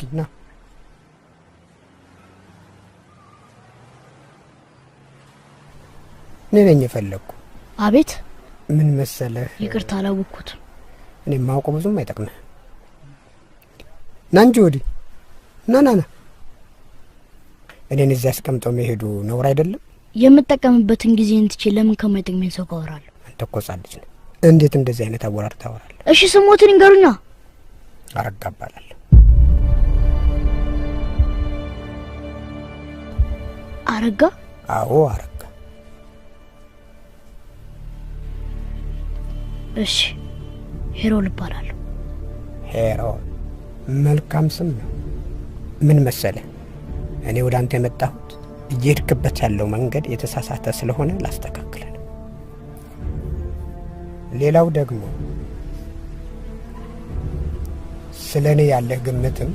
Gegner እኔ ነኝ የፈለግኩ። አቤት። ምን መሰለህ፣ ይቅርታ አላወቅኩት። እኔ ማውቀው ብዙም አይጠቅምህ። ና እንጂ ወዲህ ና ና ና። እኔን እዚህ አስቀምጠው መሄዱ ነውር አይደለም። የምጠቀምበትን ጊዜን ትቼ ለምን ከማይጠቅመኝ ሰው ጋር አወራለሁ? አንተ እኮ ሕፃን ልጅ ነህ። እንዴት እንደዚህ አይነት አወራር ታወራለህ? እሺ ስሞትን ይንገሩኛ። አረጋ እባላለሁ። አረጋ? አዎ አረጋ። እሺ፣ ሄሮን እባላለሁ። ሄሮ መልካም ስም ነው። ምን መሰለ፣ እኔ ወደ አንተ የመጣሁት እየሄድክበት ያለው መንገድ የተሳሳተ ስለሆነ ላስተካክለን። ሌላው ደግሞ ስለ እኔ ያለህ ግምትም